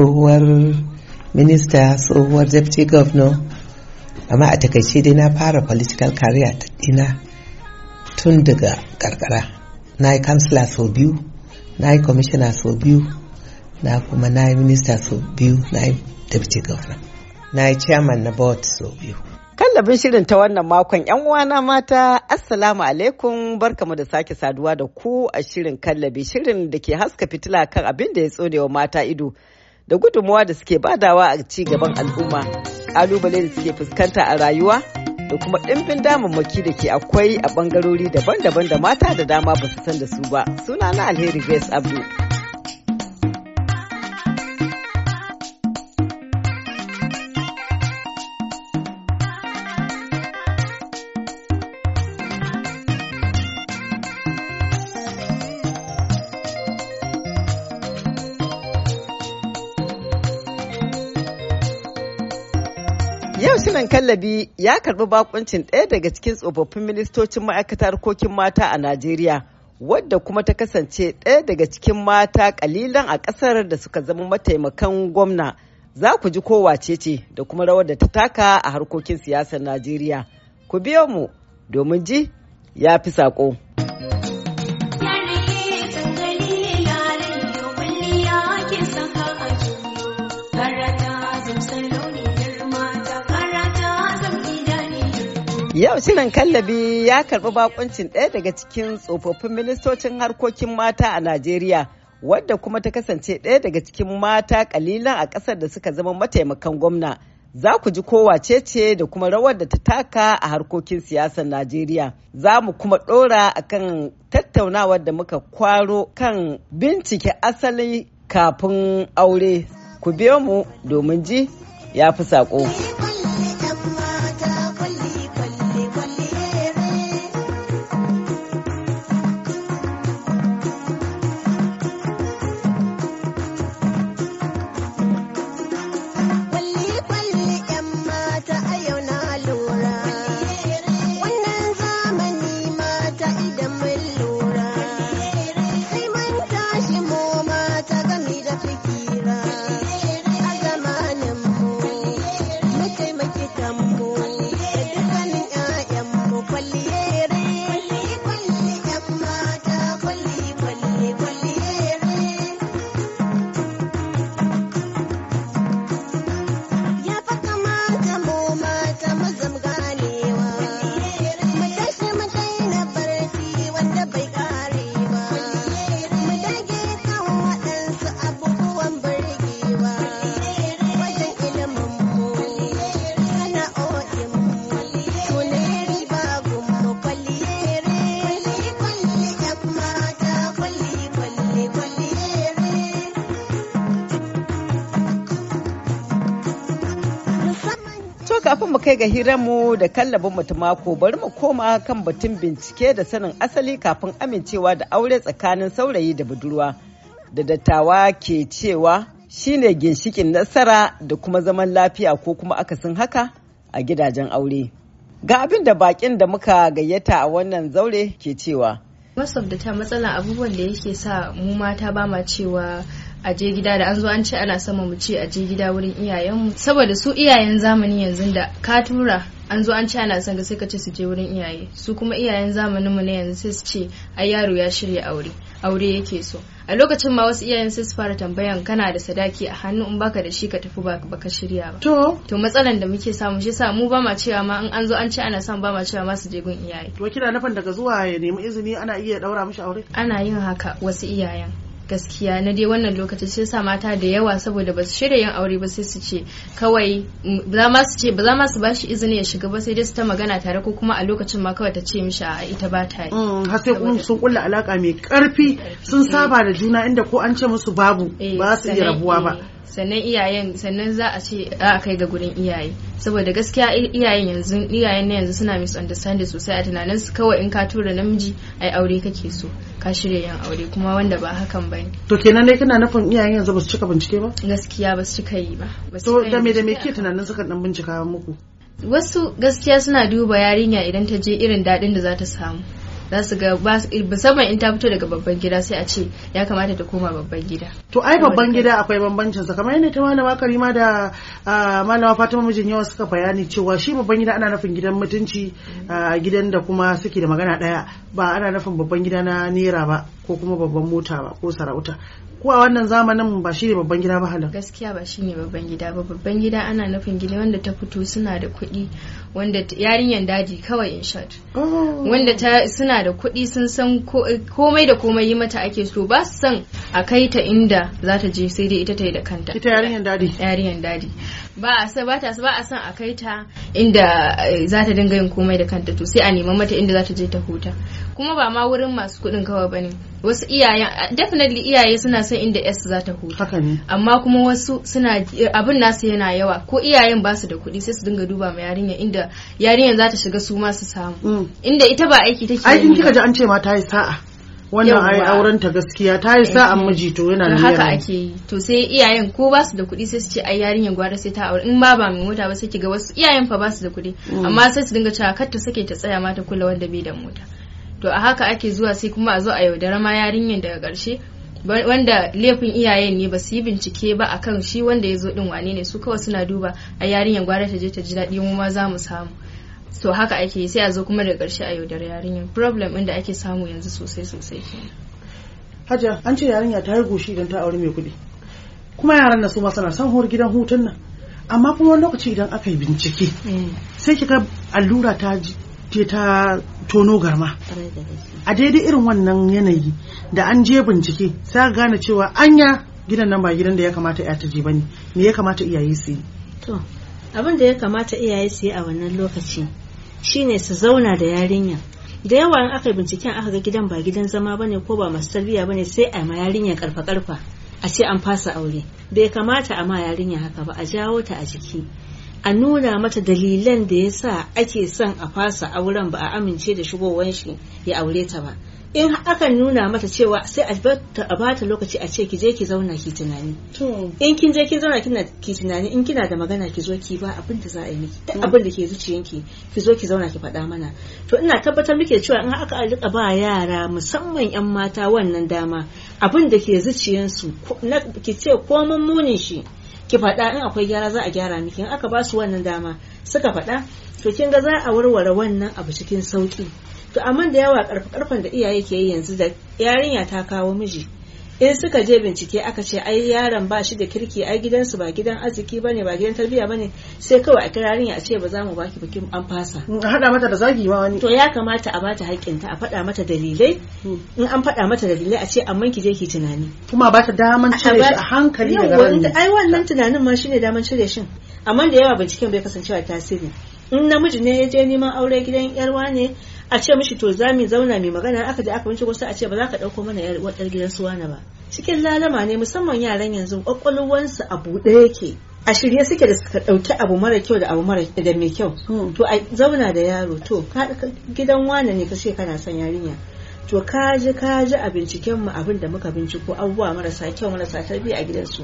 tsohuwar minista tsohuwar deputy governor amma a takaice dai na fara political career ta dina tun daga karkara na yi kansila sau biyu na yi kwamishina sau biyu na kuma na yi minista sau biyu na yi deputy governor na yi chairman na board sau biyu kallabin shirin ta wannan makon yan uwana mata assalamu alaikum barkamu da sake saduwa da ku a shirin kallabi shirin da ke haska fitila kan abin da ya tsodewa mata ido da gudunmuwa da suke badawa a ci gaban al'umma kalubale da suke fuskanta a rayuwa da kuma ɗimbin damammaki da ke akwai a ɓangarori daban-daban da mata da dama ba su san da su ba suna na alheri grace abdul Hassan Kallabi ya karbi bakuncin ɗaya daga cikin tsofaffin ministocin ma'aikatar harkokin mata a Najeriya, wadda kuma ta kasance ɗaya daga cikin mata ƙalilan a ƙasar da suka zama mataimakan gwamna. Za ku ji kowace ce da kuma rawar da ta taka a harkokin siyasar Najeriya. Ku biyo mu domin ji ya fi saƙo. Yau shirin kallabi ya karɓi bakuncin ɗaya daga cikin tsofaffin ministocin harkokin mata a Najeriya wadda kuma ta kasance ɗaya daga cikin mata ƙalilan a ƙasar da suka zama mataimakan gwamna. Za ku ji kowace ce da kuma rawar da ta taka a harkokin siyasar Najeriya. Za mu kuma ɗora a kan tattaunawar da muka kwaro kan bincike asali kafin aure. Ku biyo mu domin ji ya fi saƙo. kai ga hiranmu da kallabin mutum mako bari mu koma kan batun bincike da sanin asali kafin amincewa da aure tsakanin saurayi da budurwa da dattawa ke cewa shine ginshikin nasara da kuma zaman lafiya ko kuma akasin haka a gidajen aure. Ga abin da bakin da muka gayyata a wannan zaure ke cewa. Most of the time abubuwan da yake sa mu mata ba ma cewa a je gida da an zo an ce ana sama mu ce a je gida wurin iyayenmu saboda su iyayen zamani yanzu da ka tura an zo an ce ana son sai ka ce su je wurin iyaye su kuma iyayen zamanin mu na yanzu sai su ce ai yaro ya shirya aure aure yake so a lokacin ma wasu iyayen sai su fara tambayan kana da sadaki a hannu in baka da shi ka tafi ba baka shirya ba to to matsalan da muke samu shi sa mu ba ma cewa ma in an zo an ce ana son ba ma cewa ma su je gun iyaye to kina nufin daga zuwa ya nemi izini ana iya daura mishi aure ana yin haka wasu iyayen gaskiya na dai wannan lokacin sai sa mata da yawa saboda ba su shirya yin aure ba sai su ce kawai ba mm, su ba za ma su bashi izini ya shiga ba sai dai su ta magana tare ko kuma a lokacin ma kawai ta ce mishi a ita ba ta yi mm, har sai sun kulla alaka mai karfi sun saba da juna inda ko an ce musu babu eh, ba su iya rabuwa ba eh. sannan iyayen sannan za a ce a kai ga gurin iyaye saboda gaskiya iyayen yanzu iyayen na yanzu suna misunderstanding sosai a tunanin su kawai in ka tura namiji ai aure kake so ka shirya yan aure kuma wanda ba hakan ba ne. to kenan ne kana nufin iyayen yanzu ba su cika bincike ba gaskiya ba su cika yi ba to da me da me ke tunanin suka dan bincika muku wasu gaskiya suna duba yarinya idan ta je irin dadin da za ta samu za su ga musamman in ta fito daga babban gida sai a ce ya kamata ta koma babban gida to ai babban gida akwai bambancin sa kamar yadda ta malama karima da malama fatima mijin yawa suka bayani cewa shi babban gida ana nufin gidan mutunci gidan da kuma suke da magana ɗaya ba ana nufin babban gida na nera ba ko kuma babban mota ba ko sarauta ko a wannan zamanin ba shi ne babban gida ba halin gaskiya ba shi ne babban gida ba babban gida ana nufin gida wanda ta fito suna da kuɗi wanda yarinyar daji kawai in shot oh. wanda ta suna da kuɗi sun san komai da komai yi mata ake so ba su san a kai ta inda za ta je sai dai ita ta yi da kanta ita yarinyar daji yarinyar daji ba a ba ba a san a kai ta inda eh, za ta dinga yin komai da kanta to sai a neman mata inda za ta je ta huta kuma ba ma wurin masu kuɗin kawai bane wasu iyayen definitely iyaye suna son inda s za ta huta Haka ne. amma kuma wasu suna eh, abin nasu yana yawa ko iyayen ba su da kuɗi sai su dinga duba ma yarinya inda yarinya za ta shiga su ma su samu mm. inda ita ba aiki take ai kika ji an ce ma ta yi sa'a wannan ai auren ta gaskiya ta yi an miji to yana da haka ake yi to sai iyayen ko ba su da kuɗi sai su ce ai yarinyar gwada sai ta aure in ba ba mai mota ba sai kiga wasu iyayen fa ba su da kuɗi mm. amma sai su dinga cewa kar ta sake ta tsaya mata ta kula wanda bai da mota to a haka ake zuwa sai kuma a zo a yaudara ma yarinyar daga ƙarshe wanda laifin iyayen ne ba su yi bincike ba akan shi wanda ya zo din wane ne su kawai suna duba a yarinyar gwada ta je ta ji daɗi mu ma za mu samu so haka ake yi sai a zo kuma da ƙarshe a yaudar yarinyar problem da ake samu yanzu sosai sosai kenan hajiya an ce yarinya ta yi goshi idan ta aure mai kuɗi kuma yaran na su ma suna son hor gidan hutun nan amma kuma wani lokaci idan aka yi bincike mm. sai kika allura ta ke ta tono garma a daidai irin wannan yanayi da an je bincike sai gane cewa anya gidan nan ba gidan da ya kamata ya ta je ne me ya kamata iyaye su yi abin da ya kamata iyaye su yi a wannan lokaci shine su zauna da yarinya da yawa in aka binciken aka ga gidan ba gidan zama bane ko ba masu tarbiyya bane sai a ma yarinya karfa karfa a ce an fasa aure bai kamata a ma yarinya haka ba a jawo ta a jiki a nuna mata dalilan da ya sa ake son a fasa auren ba a amince da shigowar shi ya aure ta ba in akan nuna mata cewa sai a bata a bata lokaci a ce ki je ki zauna ki tunani in kin je ki zauna ki tunani in kina da magana ki zo ki ba abin da za a yi miki duk mm. abin da ke zuciyanki ki zo ki zauna ki faɗa mana to ina tabbatar muke cewa in aka rika ba yara musamman yan mata wannan dama abin da ke zuciyansu ki ce mun munin shi ki faɗa in akwai gyara za a gyara miki in aka ba su wannan dama suka faɗa to kin ga za a warware wannan abu cikin sauki to amma da yawa karfe-karfen da iyaye ke yi yanzu da yarinya ta kawo miji in suka je bincike aka ce ai yaron ba shi da kirki ai gidansu ba gidan arziki ba ne ba gidan tarbiyya ba ne sai kawai a kira yarinya a ce ba za mu baki bikin an fasa haɗa mata da zagi ma wani to ya kamata a bata haƙƙinta a faɗa mata dalilai hmm. in an faɗa mata dalilai a ce amma ki je ki tunani kuma ba ta daman cire shi a hankali daga ranar ai wannan tunanin ma shine daman cire shin amma da yawa binciken bai kasancewa tasiri in namiji ne ya je neman aure gidan yarwa ne a ce mishi to za mu zauna mai magana aka da aka wuce wasu a ce ba za ka ɗauko mana yar uwar gidan su wani ba cikin lalama ne musamman yaran yanzu kwakwalwansu a buɗe yake a shirye suke da suka ɗauki abu mara kyau da abu mara da mai kyau hmm. to a zauna da yaro to gidan wane ne ka ce kana son yarinya to kaji kaji a binciken mu abin da muka binciko abubuwa marasa kyau marasa tarbiyya a gidansu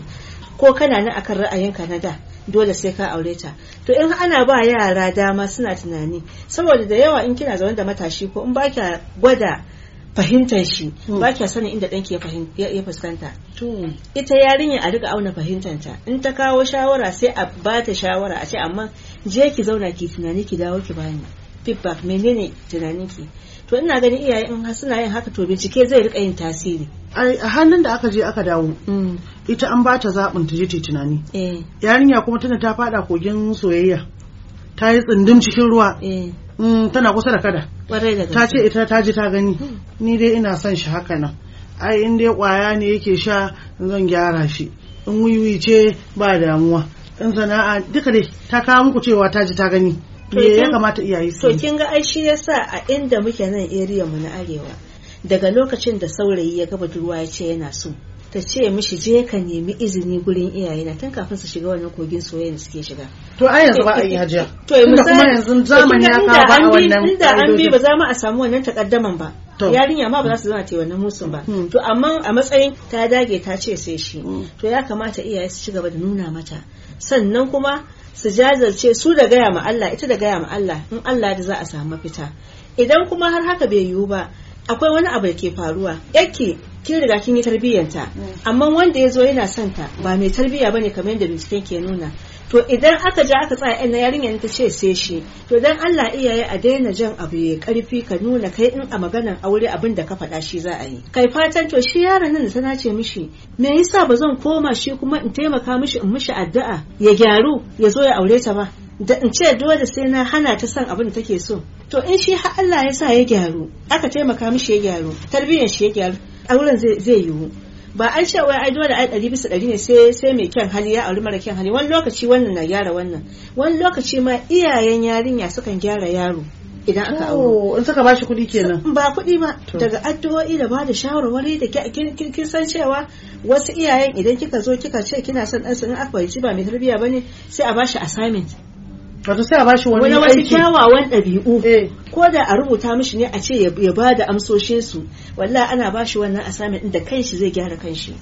ko kana nan akan ra'ayinka na da dole sai ka aure ta to in ana ba yara dama suna tunani saboda da yawa in kina zaune da matashi ko in baki gwada fahimtar shi hmm. ba kya sanin inda ɗanki ya fuskanta ita yarinya a riga auna fahimtar ta in ta kawo shawara sai a ba ta shawara a ce amma je ki zauna ki tunani ki dawo ki bani feedback menene tunanin ki to ina ganin iyaye in suna yin haka to bincike zai rika yin tasiri a hannun da aka je aka dawo mm. ita an bata zaɓin ta je ta tunani eh. yarinya kuma tana ta faɗa kogin soyayya ta yi tsindin cikin ruwa eh. mm, tana kusa da kada ta ce ita ta ji ta gani hmm. ni dai ina son shi haka nan ai in dai kwaya ne yake sha zan gyara shi in wiwi ce ba damuwa in sana'a duka dai ta kawo muku cewa ta ji ta gani me ya kamata iyaye su to kin ga ai shi yasa a inda muke nan area mu na arewa daga lokacin da saurayi ya ga budurwa ya ce yana so ta ce mishi je ka nemi izini gurin iyaye na tun kafin su shiga wannan kogin soyayya da suke shiga to a yanzu ba a yi hajiya to kuma yanzu zamani ya kawo ba wannan inda an bi ba za mu a samu wannan takaddaman ba yarinya ma ba za su zama ta wannan musun ba hmm. to amma a matsayin ta dage ta ce sai shi hmm. to ya kamata iyaye su ci gaba da nuna mata sannan kuma su jajirce su da gaya ma Allah ita da gaya ma Allah in Allah da za a samu mafita idan kuma har haka bai yiwu ba akwai wani abu da ke faruwa yake kin riga kin yi tarbiyyanta mm. amma wanda ya zo yana son ta ba mai tarbiyya bane kamar yadda binciken ke nuna to idan aka je aka tsaya ina yarinyar ta ce sai shi to dan Allah iyaye a daina jan abu ya karfi ka nuna kai in a maganar aure abin da ka faɗa shi za a yi kai fatan to shi yaron nan da ta ce mishi me yasa ba zan koma shi kuma in taimaka mishi in mishi addu'a ya gyaru ya zo ya aure ta ba da in ce dole sai na hana ta san abin da take so to in shi har Allah ya sa ya gyaru aka taimaka mishi ya gyaru tarbiyyar shi ya gyaru auren zai yiwu ba an ce wai ai dole ai ɗari bisa ɗari ne sai sai mai kyan hali ya auri mara kyan hali wani lokaci wannan na gyara wannan wani lokaci ma iyayen yarinya sukan gyara yaro idan aka auro oh, in suka bashi kuɗi kenan ba kuɗi ba daga addu'o'i da ba da shawarwari da kin san cewa wasu iyayen idan kika zo kika ce kina son ɗansu in aka bai ba mai tarbiyya bane sai a bashi assignment wato sai a bashi wani aiki wani kyawawan ɗabi'u eh. ko da a rubuta mishi ne a ce ya ba da amsoshin su wallahi ana bashi wannan assignment din da kanshi zai gyara kanshi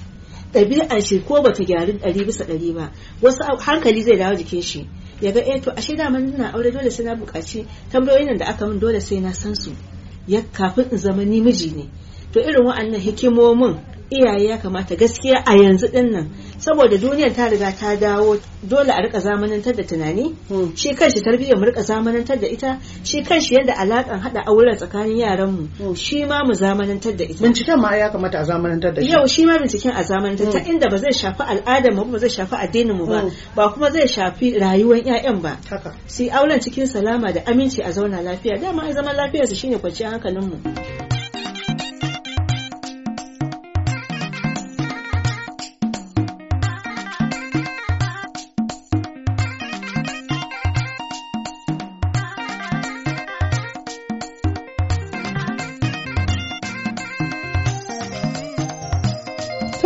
ɗabi'ar shi ko bata gyaru ɗari bisa ɗari ba wasu hankali zai dawo jikin shi ya ga eh to ashe dama ina aure dole sai na buƙaci tambayoyin da aka min dole sai na san su ya kafin in zama ni miji ne to irin wa'annan hikimomin iyaye ya kamata gaskiya a yanzu din nan saboda duniyar ta riga ta dawo dole a rika zamanantar da tunani hmm. shi kanshi tarbiyyar mu rika zamanantar da ita shi kanshi yadda alakan hada auren tsakanin yaran mu hmm. shi ma mu zamanantar da ita binciken ma ya kamata a zamanantar da yau shi ma binciken a zamanantar ta hmm. inda ba zai shafi al'adar mu ba zai shafi addinin mu ba ba kuma zai shafi rayuwar ƴaƴan ba Si auren cikin salama da aminci a zauna lafiya dama ai zaman lafiyarsu shine kwanciyar hankalin mu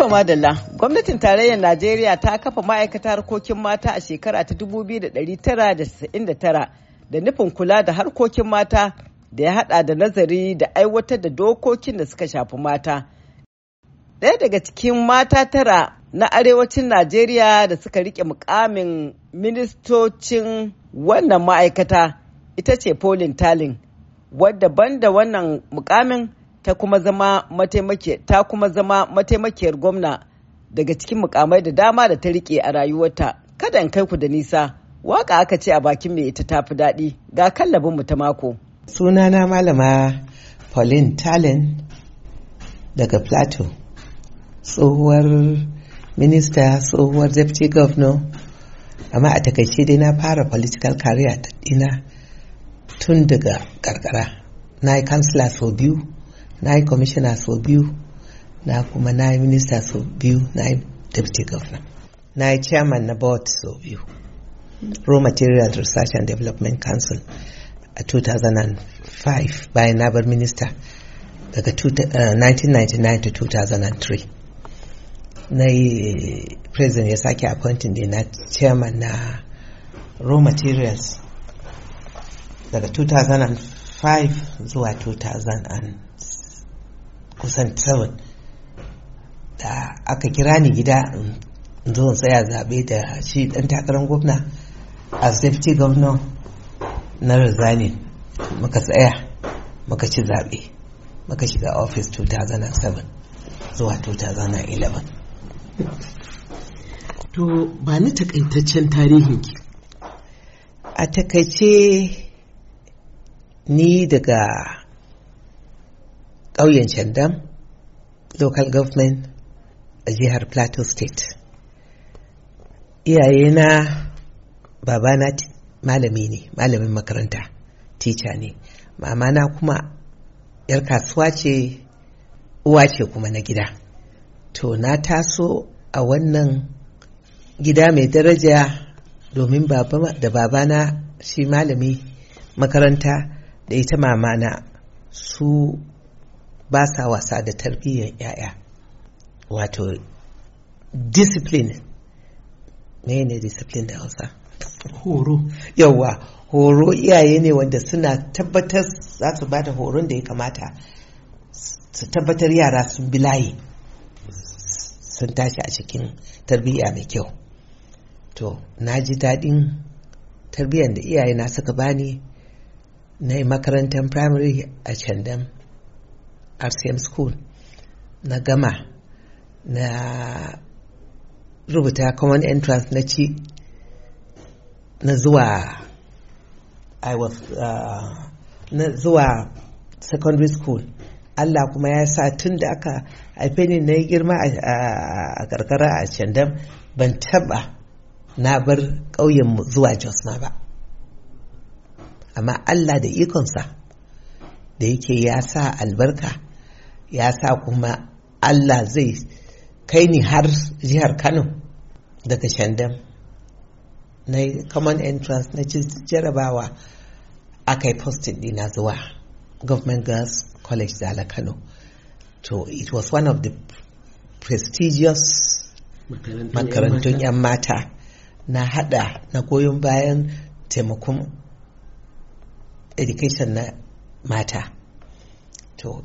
madalla gwamnatin tarayyar najeriya ta kafa ma'aikata harkokin mata a shekara ta 1999 da nufin kula da harkokin mata da ya hada da nazari da aiwatar da dokokin da suka shafi mata ɗaya daga cikin mata tara na arewacin najeriya da suka rike mukamin ministocin wannan ma'aikata ita ce polin talin wadda banda wannan mukamin ta kuma zama mataimakiyar gwamna daga cikin mukamai da dama da ta riƙe a rayuwarta kada in kai ku da nisa waka aka ce a bakin mai ita tafi daɗi ga kallabin mu ta mako sunana malama pauline talen daga plateau tsohuwar minista tsohuwar deputy governor amma a takaice dai na fara political career ta dina tun daga karkara na yi kansila sau biyu na yi kwamishina sau biyu na kuma na yi minister sau biyu na yi deputy governor na yi chairman na board sau biyu raw material research and development council a 2005 bayan na bar minista daga 1999 eh, to 2003 na yi president ya sake appointing da na chairman na raw materials daga 2005 zuwa 2000 kusan 7 da aka kira ni gida in zo tsaya zaɓe da shi ɗan takarar gwamna a safety governor na rizani muka tsaya muka ci zaɓe muka shiga office 2007 zuwa 2011 to ba ni takaitaccen ki. a takaice ni daga ƙauyen Chandam local government a jihar Plateau state Iyayena na babana malami ne malamin makaranta teacher ne mamana kuma yar kasuwa ce uwa ce kuma na gida to na taso a wannan gida mai daraja domin baba da babana shi malami makaranta da ita mamana su ba sa wasa da tarbiyyar 'ya'ya wato discipline ne ne discipline da hausa horo yawa horo iyaye ne wanda suna tabbatar za su bada horon da ya kamata su tabbatar yara sun bi layi sun tashi a cikin tarbiyya mai kyau to na ji daɗin tarbiyyar da iyaye na suka bani na yi makarantar primary a candan. rcm school na gama na rubuta common entrance na ci na zuwa i was uh, na zuwa secondary school Allah kuma ya sa tun da aka haife ni na yi girma a karkara a Shandam ban taba na bar ƙauyenmu zuwa Jos ma ba. Amma Allah da ikonsa da yake ya sa albarka ya sa kuma Allah zai kai ni har jihar Kano daga Shandam na common entrance na jarabawa aka kai posting dina zuwa government girls college ala Kano to it was one of the prestigious makarantun 'yan mata na hada na goyon bayan taimakon education na mata to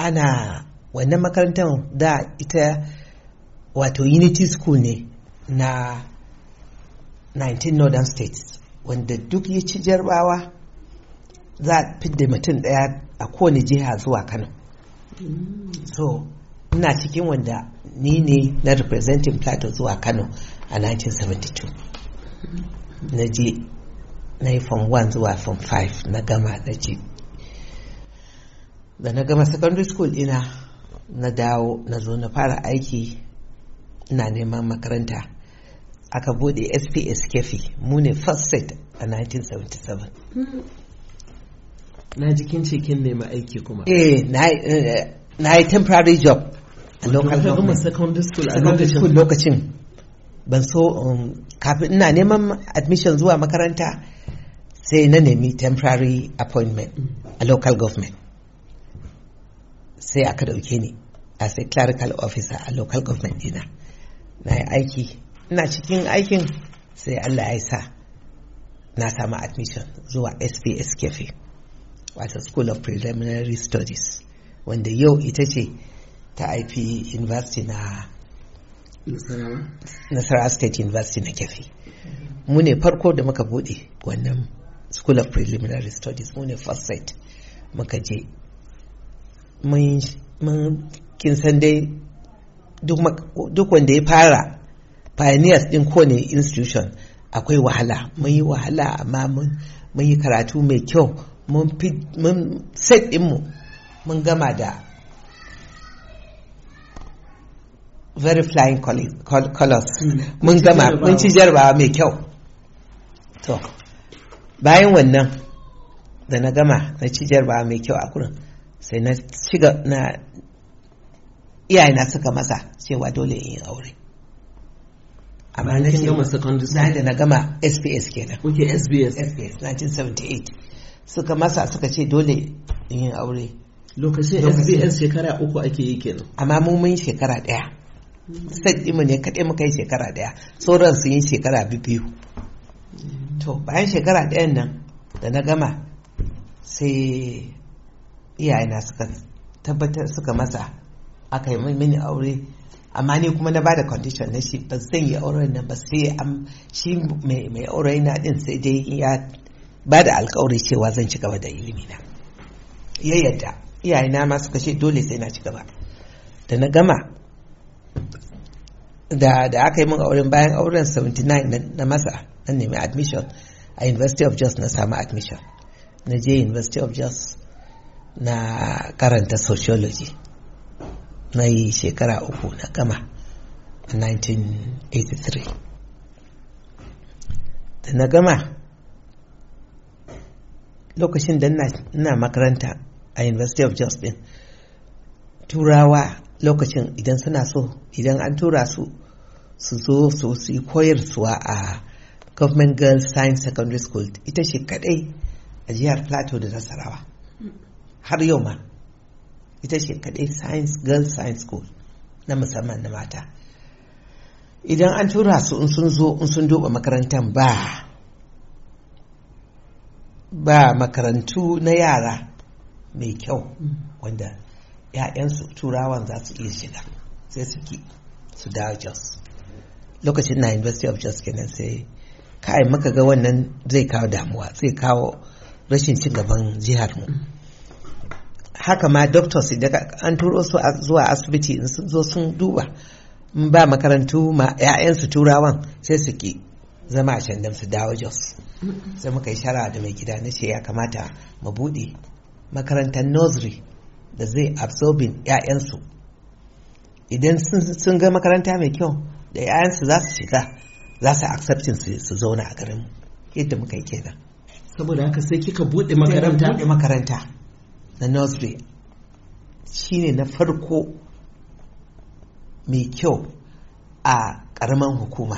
ana wannan makarantar da ita wato unity school ne na 19 northern states wanda duk ya ci jarbawa za a fidda mutum daya a kowane jiha zuwa kano so ina cikin wanda ni ne na representing plateau zuwa kano a 1972 na je na yi form 1 zuwa form 5 na gama na je da na gama secondary school ina na dawo na zo na fara aiki ina neman makaranta aka bude sps kefi mu ne first set a 1977 na jikin cikin kin nema aiki kuma eh, eh na yi temporary job a local government secondary school a lokacin ban so um, kafin ina neman admission zuwa makaranta sai na nemi temporary appointment a local government sai aka dauke ni as a clerical officer a local government dina na yi aiki ina cikin aikin sai allah ya sa na samu admission zuwa sps cafe wato school of preliminary studies wanda yau ita ce ta ip university na nasarawa state university na kefi mu ne farko da muka bude wannan school of preliminary studies mu ne first site muka je mun kin san dai duk wanda ya fara pioneers din ne institution akwai wahala mun yi wahala amma mun yi karatu mai kyau mun set mu mun gama da very flying colors hmm. mun gama mun ci jarabawa mai kyau to bayan wannan da na gama na ci jarabawa mai kyau a kurin sai na shiga na iyayena suka masa cewa dole in yi aure amma na ce na da na gama sps kenan ok sps sps 1978 suka masa suka ce dole in yi aure lokacin sps shekara uku ake yi kenan amma mun mun shekara daya sai mu ne kaɗai muka yi shekara daya sauran sun yi shekara biyu to bayan shekara ɗayan nan da na gama sai iyayena suka tabbatar suka masa aka yi mini aure amma ni kuma na bada condition na shi ba zan yi auren nan ba sai am shi mai aure na din sai dai ya bada alƙawari cewa zan ci gaba da ilimi na ya iyayena ma suka ce dole sai na ci gaba da na gama da da aka yi min auren bayan auren 79 na masa na nemi admission a University of Jos na samu admission na je University of Jos na karanta sociology na yi shekara uku na gama a 1983 da na gama lokacin da ina makaranta a university of jos turawa lokacin idan suna so idan an tura su su zo su su yi koyarsuwa a government girls science secondary school ita ce kadai a jihar plateau da nasarawa har yau ma ita ce kaɗai science girl science school na musamman na mata idan an tura su in sun zo in sun duba makarantar ba ba makarantu na yara mai kyau wanda 'ya'yansu turawan za su iya shiga sai su ki su dawo jos lokacin na university of jos kenan sai kai maka ga wannan zai kawo damuwa zai kawo rashin cin gaban jihar mu haka ma doctors daga an turo su zuwa asibiti in sun zo sun duba in ba makarantu ma 'ya'yansu turawan sai su ki zama a can su dawo jos sai muka yi shara da mai gida na ce ya kamata mu buɗe makarantar nursery da zai absorbing 'ya'yansu idan sun ga makaranta mai kyau da 'ya'yansu za su shiga za su accepting su zauna a garin yadda muka yi kenan saboda haka sai kika buɗe makaranta na nursery shi ne na farko mai kyau a ƙaramin hukuma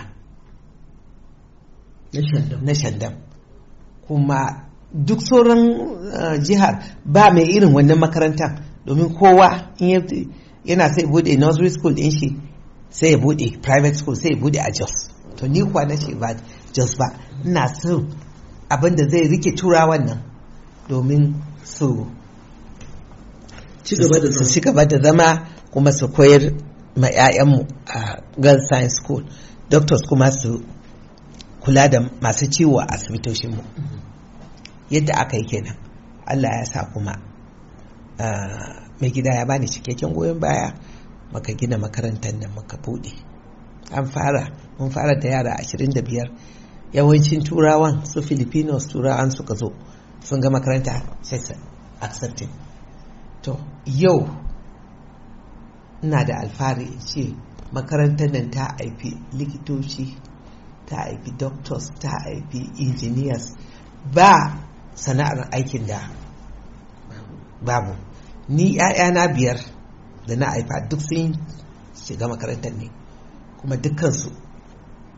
na shandam kuma duk sauran eh, jihar ba mai irin wannan makaranta domin kowa yana sai bude nursery school din shi sai ya bude private school sai ya bude a jos to ni kuwa na ba jos ba na son abinda zai rike turawan nan domin su su ci gaba da zama kuma su koyar ma 'ya'yanmu a girls science school doctors kuma su kula da masu ciwo a asibitoshinmu yadda aka yi kenan allah ya sa kuma mai gida ya bani cikakken goyon baya maka gina makarantar nan maka buɗe an fara mun fara da yara 25 yawancin turawan su filipinos turawan suka zo sun ga makaranta sai accepting to yau ina da alfahari in ce makarantar nan ta haifi likitoci ta haifi doctors ta haifi engineers ba sana'ar aikin da babu ni 'ya'yana biyar da na haifa duk sun shiga makarantar ne kuma dukkansu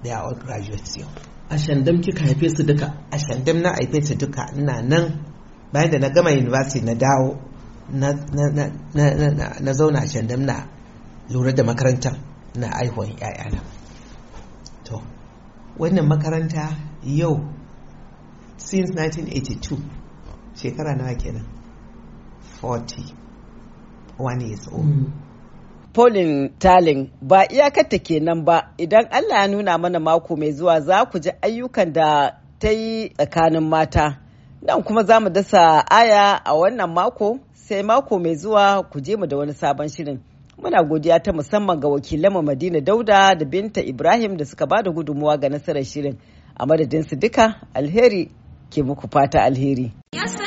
da ya all graduates yau a shandam kika haife su duka a shandam na haife su duka ina nan bayan da na gama university na dawo na zauna a can na lura da makarantar na aihuwan 'ya'yana to wannan makaranta yau since 1982 shekara nawa kenan 40 one years old mm Polin Talin ba ke kenan ba idan Allah ya nuna mana mako mai zuwa za ku ji ayyukan da ta yi tsakanin mata Nan kuma za mu dasa aya a wannan mako sai mako mai zuwa ku je mu da wani sabon shirin. Muna godiya ta musamman ga wakilanmu Madina Dauda da Binta Ibrahim da suka bada gudunmuwa ga nasarar shirin. A madadinsu duka alheri ke muku fata alheri. Yes,